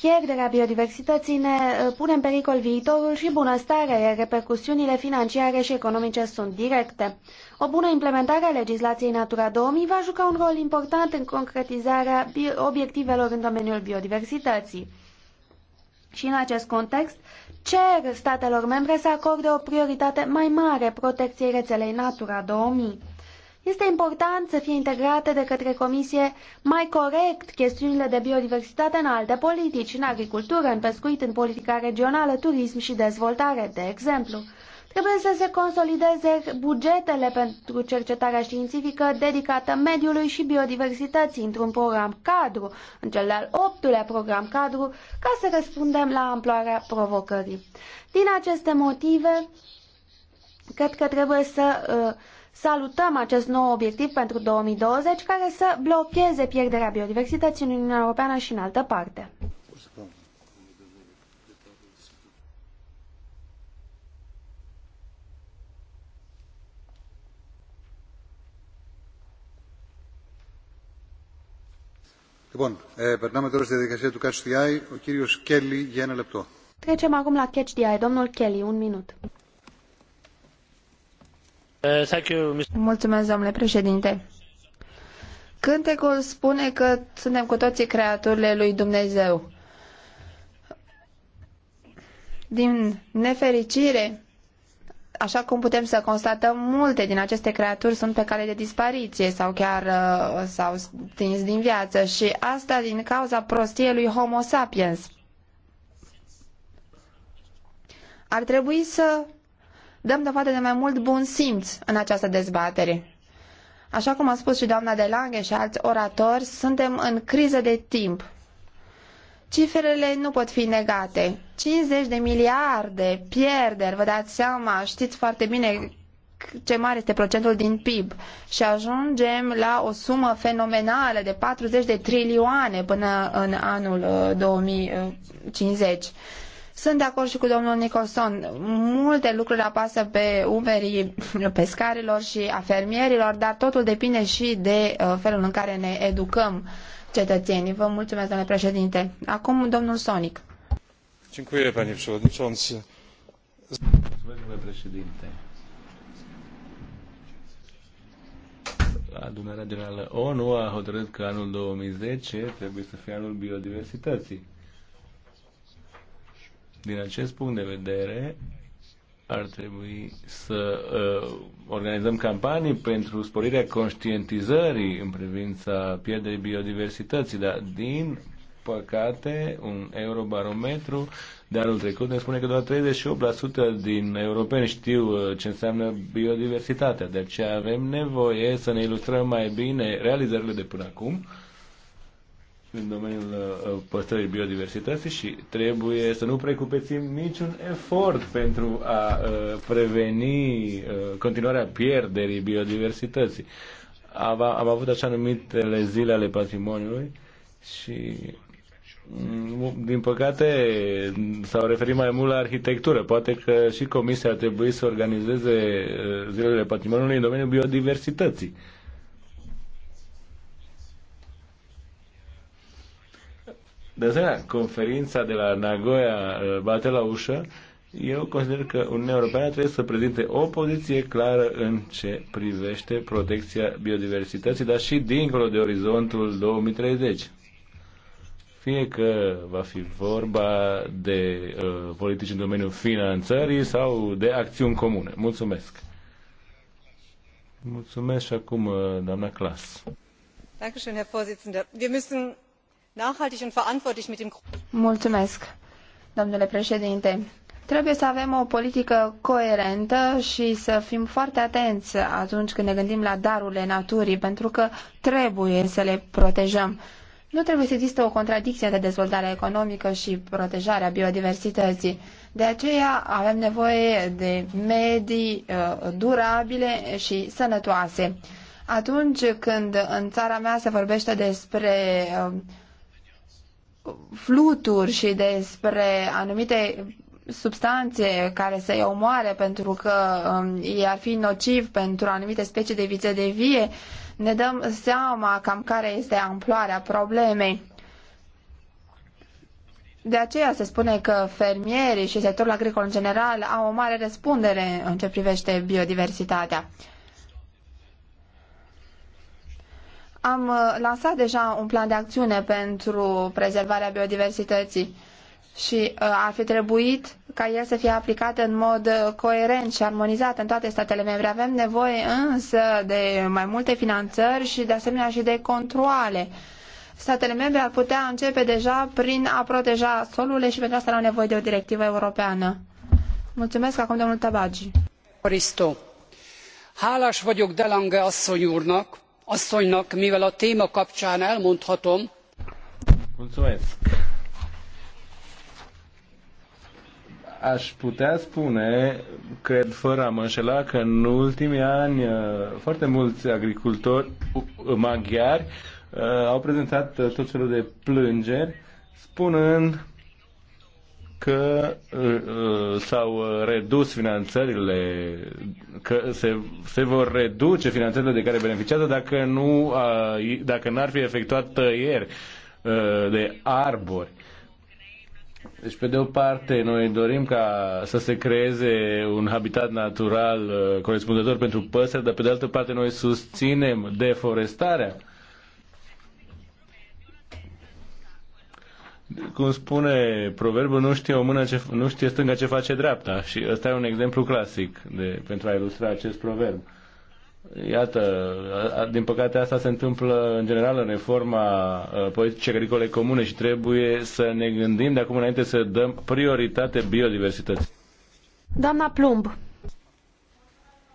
Pierderea biodiversității ne uh, pune în pericol viitorul și bunăstarea, iar repercusiunile financiare și economice sunt directe. O bună implementare a legislației Natura 2000 va juca un rol important în concretizarea obiectivelor în domeniul biodiversității. Și în acest context, cer statelor membre să acorde o prioritate mai mare protecției rețelei Natura 2000. Este important să fie integrate de către Comisie mai corect chestiunile de biodiversitate în alte politici, în agricultură, în pescuit, în politica regională, turism și dezvoltare, de exemplu. Trebuie să se consolideze bugetele pentru cercetarea științifică dedicată mediului și biodiversității într-un program cadru, în cel de-al optulea program cadru, ca să răspundem la amploarea provocării. Din aceste motive, cred că trebuie să uh, salutăm acest nou obiectiv pentru 2020 care să blocheze pierderea biodiversității în Uniunea Europeană și în altă parte. Trecem acum la Catch the Eye. Domnul Kelly, un minut. Mulțumesc, domnule președinte. Cântecul spune că suntem cu toții creaturile lui Dumnezeu. Din nefericire, așa cum putem să constatăm, multe din aceste creaturi sunt pe cale de dispariție sau chiar uh, s-au stins din viață și asta din cauza prostiei lui Homo sapiens. Ar trebui să dăm dovadă de mai mult bun simț în această dezbatere. Așa cum a spus și doamna de Lange și alți oratori, suntem în criză de timp Cifrele nu pot fi negate. 50 de miliarde pierderi, vă dați seama, știți foarte bine ce mare este procentul din PIB și ajungem la o sumă fenomenală de 40 de trilioane până în anul 2050. Uh, uh, Sunt de acord și cu domnul Nicholson. Multe lucruri apasă pe umerii [LAUGHS] pescarilor și a fermierilor, dar totul depinde și de uh, felul în care ne educăm cetățenii. Vă mulțumesc, domnule președinte. Acum, domnul Sonic. Dziękuję, panie przewodniczący. domnule președinte. Adunarea Generală ONU a hotărât că anul 2010 trebuie să fie anul biodiversității. Din acest punct de vedere, ar trebui să uh, organizăm campanii pentru sporirea conștientizării în privința pierderii biodiversității, dar din păcate un eurobarometru de anul trecut ne spune că doar 38% din europeni știu uh, ce înseamnă biodiversitatea, de aceea avem nevoie să ne ilustrăm mai bine realizările de până acum în domeniul uh, păstrării biodiversității și trebuie să nu precupețim niciun efort pentru a uh, preveni uh, continuarea pierderii biodiversității. Am, am avut așa numitele zile ale patrimoniului și mm, din păcate s-au referit mai mult la arhitectură. Poate că și comisia ar trebui să organizeze zilele patrimoniului în domeniul biodiversității. De asemenea, conferința de la Nagoya uh, bate la ușă. Eu consider că Uniunea Europeană trebuie să prezinte o poziție clară în ce privește protecția biodiversității, dar și dincolo de orizontul 2030 fie că va fi vorba de uh, politici în domeniul finanțării sau de acțiuni comune. Mulțumesc! Mulțumesc și acum, uh, doamna Clas. Dankeschön, Herr Vorsitzender. Wir müssen nachhaltig und verantwortlich mit dem domnule președinte. Trebuie să avem o politică coerentă și să fim foarte atenți atunci când ne gândim la darurile naturii, pentru că trebuie să le protejăm. Nu trebuie să existe o contradicție între dezvoltarea economică și protejarea biodiversității. De aceea avem nevoie de medii uh, durabile și sănătoase. Atunci când în țara mea se vorbește despre uh, fluturi și despre anumite substanțe care să-i omoare pentru că um, ar fi nociv pentru anumite specii de vițe de vie, ne dăm seama cam care este amploarea problemei. De aceea se spune că fermierii și sectorul agricol în general au o mare răspundere în ce privește biodiversitatea. Am uh, lansat deja un plan de acțiune pentru prezervarea biodiversității și uh, ar fi trebuit ca el să fie aplicat în mod uh, coerent și armonizat în toate statele membre. Avem nevoie însă de mai multe finanțări și de asemenea și de controle. Statele membre ar putea începe deja prin a proteja solurile și pentru asta au nevoie de o directivă europeană. Mulțumesc acum domnul Tabagi. Hálás vagyok Delange asszony úrnak, asszonynak mivel a téma kapcsán elmondhatom Mulțumesc. Aș putea spune, cred fără a mă înșela, că în ultimii ani uh, foarte mulți agricultori uh, maghiari uh, au prezentat tot felul de plângeri, spunând că uh, uh s-au uh, redus finanțările, că se, se vor reduce finanțările de care beneficiază dacă nu uh, dacă n-ar fi efectuat tăieri uh, de arbori. Deci, pe de o parte, noi dorim ca să se creeze un habitat natural uh, corespunzător pentru păsări, dar pe de altă parte, noi susținem deforestarea cum spune proverbul, nu știe, o mână ce, nu știe stânga ce face dreapta. Și ăsta e un exemplu clasic de, pentru a ilustra acest proverb. Iată, din păcate asta se întâmplă în general în reforma uh, politicii agricole comune și trebuie să ne gândim de acum înainte să dăm prioritate biodiversității. Doamna Plumb,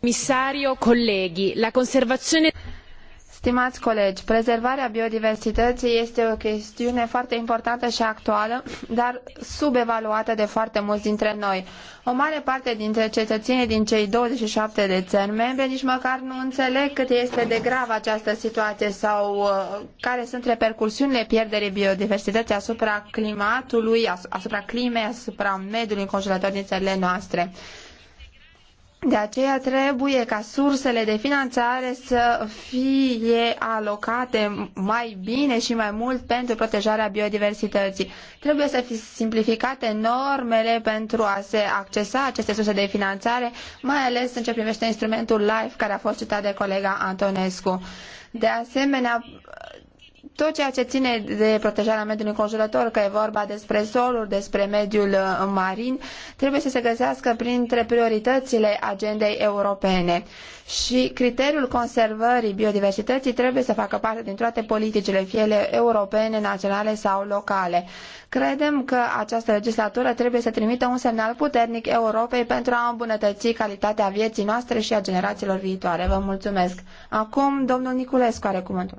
Comisario, colegi, la Stimați colegi, prezervarea biodiversității este o chestiune foarte importantă și actuală, dar subevaluată de foarte mulți dintre noi. O mare parte dintre cetățenii din cei 27 de țări membre nici măcar nu înțeleg cât este de gravă această situație sau uh, care sunt repercursiunile pierderii biodiversității asupra climatului, asupra climei, asupra mediului înconjurător din țările noastre. De aceea trebuie ca sursele de finanțare să fie alocate mai bine și mai mult pentru protejarea biodiversității. Trebuie să fie simplificate normele pentru a se accesa aceste surse de finanțare, mai ales în ce privește instrumentul LIFE care a fost citat de colega Antonescu. De asemenea, tot ceea ce ține de protejarea mediului înconjurător, că e vorba despre soluri, despre mediul uh, marin, trebuie să se găsească printre prioritățile agendei europene. Și criteriul conservării biodiversității trebuie să facă parte din toate politicile, fie ele europene, naționale sau locale. Credem că această legislatură trebuie să trimită un semnal puternic Europei pentru a îmbunătăți calitatea vieții noastre și a generațiilor viitoare. Vă mulțumesc. Acum, domnul Niculescu are cuvântul.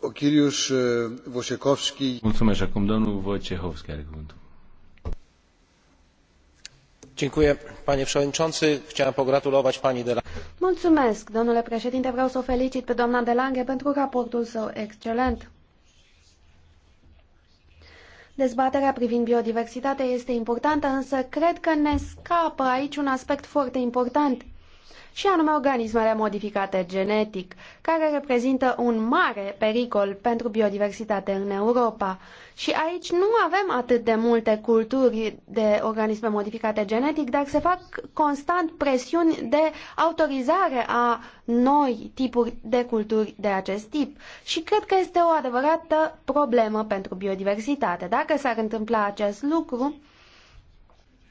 O Chiriuș Mulțumesc. Acum Wojciechowski are cuvântul. Dziękuję, panie przewodniczący. Chciałem pogratulować pani de la... domnule președinte. Vreau să o felicit pe doamna de Lange pentru raportul său excelent. Dezbaterea privind biodiversitatea este importantă, însă cred că ne scapă aici un aspect foarte important – și anume organismele modificate genetic, care reprezintă un mare pericol pentru biodiversitate în Europa. Și aici nu avem atât de multe culturi de organisme modificate genetic, dar se fac constant presiuni de autorizare a noi tipuri de culturi de acest tip. Și cred că este o adevărată problemă pentru biodiversitate. Dacă s-ar întâmpla acest lucru,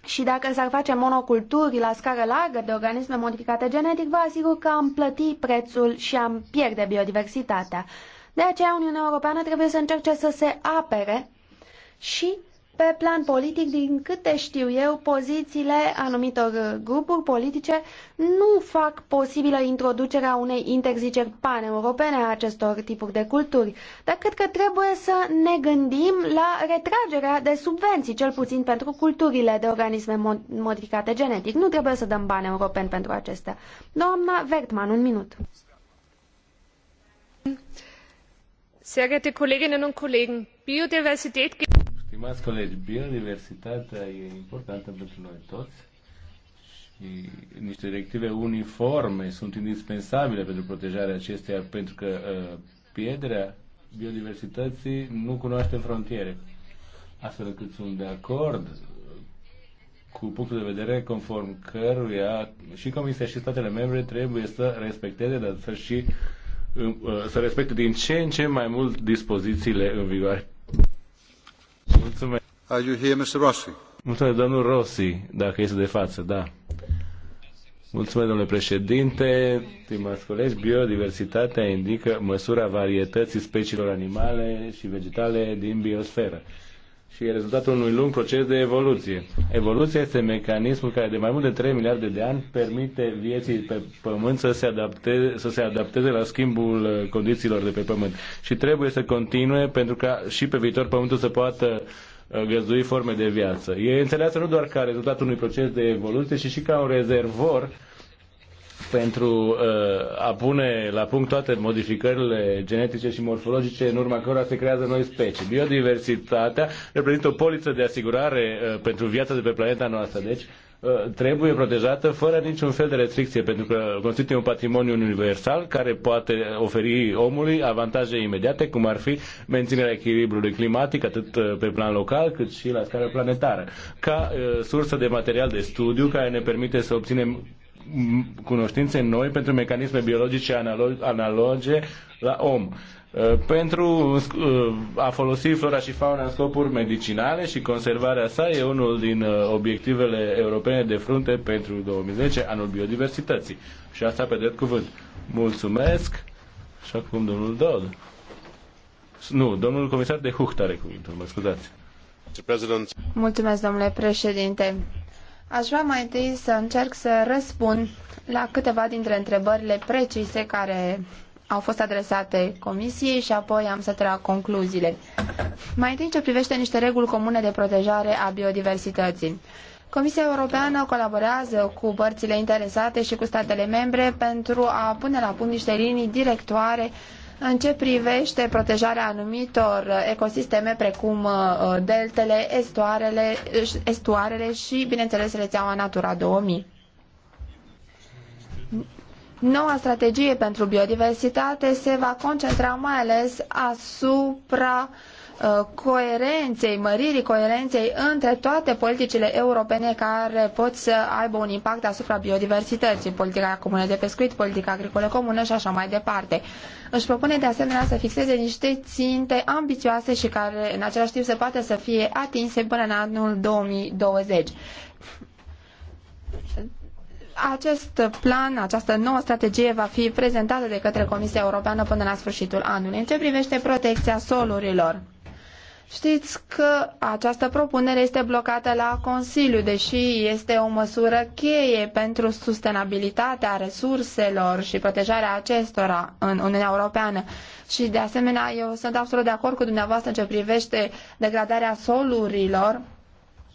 și dacă s-ar face monoculturi la scară largă de organisme modificate genetic, vă asigur că am plăti prețul și am pierde biodiversitatea. De aceea Uniunea Europeană trebuie să încerce să se apere și pe plan politic, din câte știu eu, pozițiile anumitor grupuri politice nu fac posibilă introducerea unei interziceri paneuropene a acestor tipuri de culturi, dar cred că trebuie să ne gândim la retragerea de subvenții, cel puțin pentru culturile de organisme modificate genetic. Nu trebuie să dăm bani europeni pentru acestea. Doamna Vertman, un minut. Sehr geehrte Kolleginnen und Kollegen, Biodiversität Stimați colegi, biodiversitatea e importantă pentru noi toți și niște directive uniforme sunt indispensabile pentru protejarea acesteia, pentru că uh, pierderea biodiversității nu cunoaște frontiere. Astfel încât sunt de acord cu punctul de vedere conform căruia și Comisia și statele membre trebuie să respecteze, dar să și uh, să respecte din ce în ce mai mult dispozițiile în vigoare Mulțumesc. Are you domnul Rossi, dacă este de față, da. Mulțumesc, domnule președinte. Stimați colegi, biodiversitatea indică măsura varietății speciilor animale și vegetale din biosferă și e rezultatul unui lung proces de evoluție. Evoluția este mecanismul care de mai mult de 3 miliarde de ani permite vieții pe pământ să se adapteze, să se adapteze la schimbul uh, condițiilor de pe pământ. Și trebuie să continue pentru ca și pe viitor pământul să poată uh, găzdui forme de viață. E înțeleasă nu doar ca rezultatul unui proces de evoluție, ci și ca un rezervor pentru uh, a pune la punct toate modificările genetice și morfologice în urma cărora se creează noi specii. Biodiversitatea reprezintă o poliță de asigurare uh, pentru viața de pe planeta noastră. Deci, uh, trebuie protejată fără niciun fel de restricție, pentru că constituie un patrimoniu universal care poate oferi omului avantaje imediate, cum ar fi menținerea echilibrului climatic, atât pe plan local, cât și la scară planetară, ca sursă de material de studiu care ne permite să obținem cunoștințe noi pentru mecanisme biologice analoge la om uh, pentru uh, a folosi flora și fauna în scopuri medicinale și conservarea sa e unul din uh, obiectivele europene de frunte pentru 2010, anul biodiversității. Și asta pe drept cuvânt. Mulțumesc și acum domnul Dod. Nu, domnul comisar de Hucht are cuvântul, mă scuzați. Mulțumesc, domnule președinte. Aș vrea mai întâi să încerc să răspund la câteva dintre întrebările precise care au fost adresate comisiei și apoi am să trag concluziile. Mai întâi ce privește niște reguli comune de protejare a biodiversității. Comisia Europeană colaborează cu părțile interesate și cu statele membre pentru a pune la punct niște linii directoare uh, în ce privește protejarea anumitor ecosisteme precum uh, deltele, estuarele, uh, estuarele și, bineînțeles, rețeaua Natura 2000. Noua strategie pentru biodiversitate se va concentra mai ales asupra uh, Uh, coerenței, măririi coerenței între toate politicile europene care pot să aibă un impact asupra biodiversității, politica comună de pescuit, politica agricolă comună și așa mai departe. Își propune de asemenea să fixeze niște ținte ambițioase și care în același timp să poată să fie atinse până în anul 2020 acest plan, această nouă strategie va fi prezentată de către Comisia Europeană până la sfârșitul anului. În ce privește protecția solurilor? Știți că această propunere este blocată la Consiliu, deși este o măsură cheie pentru sustenabilitatea resurselor și protejarea acestora în Uniunea Europeană. Și de asemenea, eu sunt absolut de acord cu dumneavoastră în ce privește degradarea solurilor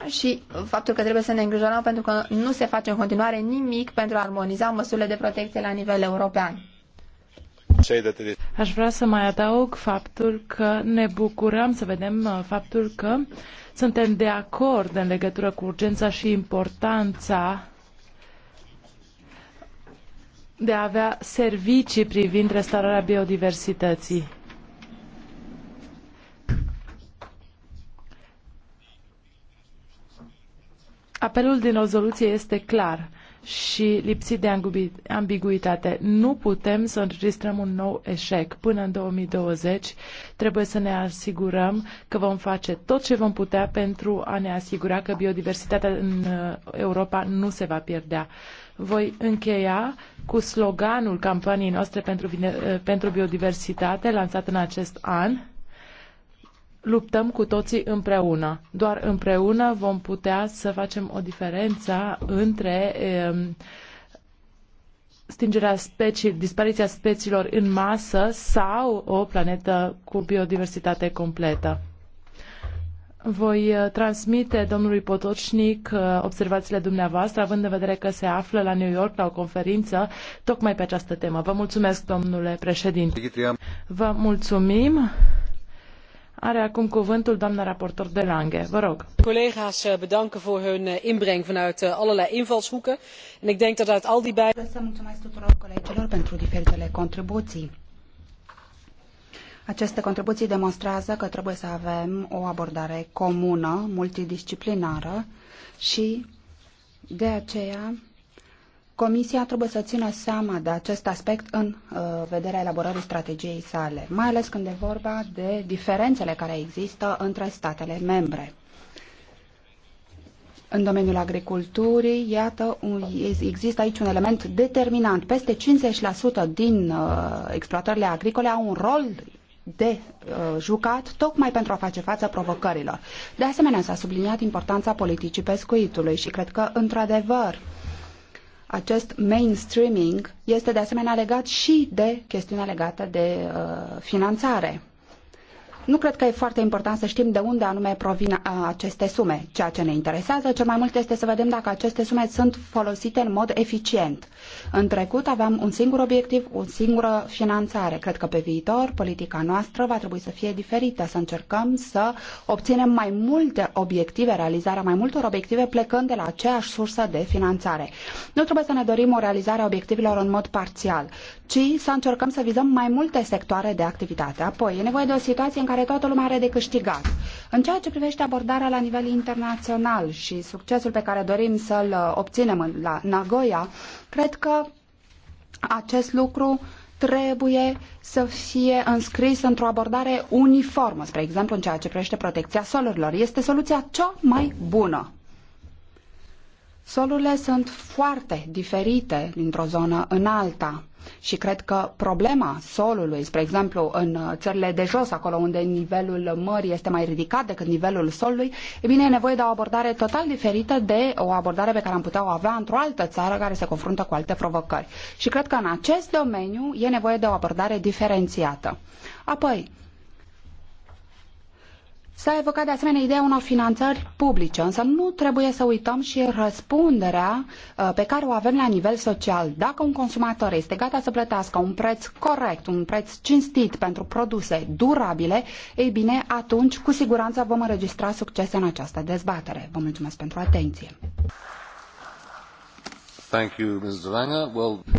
și faptul că trebuie să ne îngrijorăm pentru că nu se face în continuare nimic pentru a armoniza măsurile de protecție la nivel european. Aș vrea să mai adaug faptul că ne bucurăm să vedem uh, faptul că suntem de acord în legătură cu urgența și importanța de a avea servicii privind restaurarea biodiversității. Apelul din rezoluție este clar și lipsit de ambiguitate. Nu putem să înregistrăm un nou eșec. Până în 2020 trebuie să ne asigurăm că vom face tot ce vom putea pentru a ne asigura că biodiversitatea în uh, Europa nu se va pierdea. Voi încheia cu sloganul campaniei noastre pentru, uh, pentru biodiversitate lansat în acest an luptăm cu toții împreună. Doar împreună vom putea să facem o diferență între ehm, stingerea specii, dispariția speciilor în masă sau o planetă cu biodiversitate completă. Voi eh, transmite domnului Potocnic eh, observațiile dumneavoastră, având în vedere că se află la New York la o conferință tocmai pe această temă. Vă mulțumesc, domnule președinte. Vă mulțumim. Are acum cuvântul doamna raportor de Lange. Vă rog. Collega's eh, bedanken voor hun eh, inbreng vanuit eh, allerlei invalshoeken. En ik denk dat uit al die bij... Să mulțumesc tuturor colegilor pentru diferitele contribuții. Aceste contribuții demonstrează că trebuie să avem o abordare comună, multidisciplinară și de aceea Comisia trebuie să țină seama de acest aspect în uh, vederea elaborării strategiei sale, mai ales când e vorba de diferențele care există între statele membre. În domeniul agriculturii, iată, un, există aici un element determinant. Peste 50% din uh, exploatările agricole au un rol de uh, jucat tocmai pentru a face față provocărilor. De asemenea, s-a subliniat importanța politicii pescuitului și cred că, într-adevăr, uh, acest mainstreaming este de asemenea legat și de chestiunea legată de uh, finanțare nu cred că e foarte important să știm de unde anume provin uh, aceste sume. Ceea ce ne interesează cel mai mult este să vedem dacă aceste sume sunt folosite în mod eficient. În trecut aveam un singur obiectiv, o singură finanțare. Cred că pe viitor politica noastră va trebui să fie diferită, să încercăm să obținem mai multe obiective, realizarea mai multor obiective plecând de la aceeași sursă de finanțare. Nu trebuie să ne dorim o realizare a obiectivelor în mod parțial, ci să încercăm să vizăm mai multe sectoare de activitate. Apoi, e nevoie de o situație în care toată lumea are de câștigat. În ceea ce privește abordarea la nivel internațional și succesul pe care dorim să-l uh, obținem la Nagoya, cred că acest lucru trebuie să fie înscris într-o abordare uniformă, spre exemplu în ceea ce privește protecția solurilor. Este soluția cea mai bună. Solurile sunt foarte diferite dintr-o zonă în alta. Și cred că problema solului, spre exemplu, în țările de jos, acolo unde nivelul mării este mai ridicat decât nivelul solului, e bine, e nevoie de o abordare total diferită de o abordare pe care am putea o avea într-o altă țară care se confruntă cu alte provocări. Și cred că în acest domeniu e nevoie de o abordare diferențiată. Apoi, S-a evocat de asemenea ideea unor finanțări publice, însă nu trebuie să uităm și răspunderea uh, pe care o avem la nivel social. Dacă un consumator este gata să plătească un preț corect, un preț cinstit pentru produse durabile, ei bine, atunci cu siguranță vom înregistra succes în această dezbatere. Vă mulțumesc pentru atenție.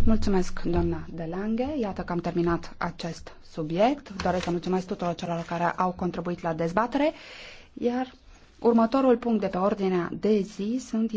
Mulțumesc, doamna De Lange. Iată că am terminat acest subiect. Doresc să mulțumesc tuturor celor care au contribuit la dezbatere. Iar următorul punct de pe ordinea de zi sunt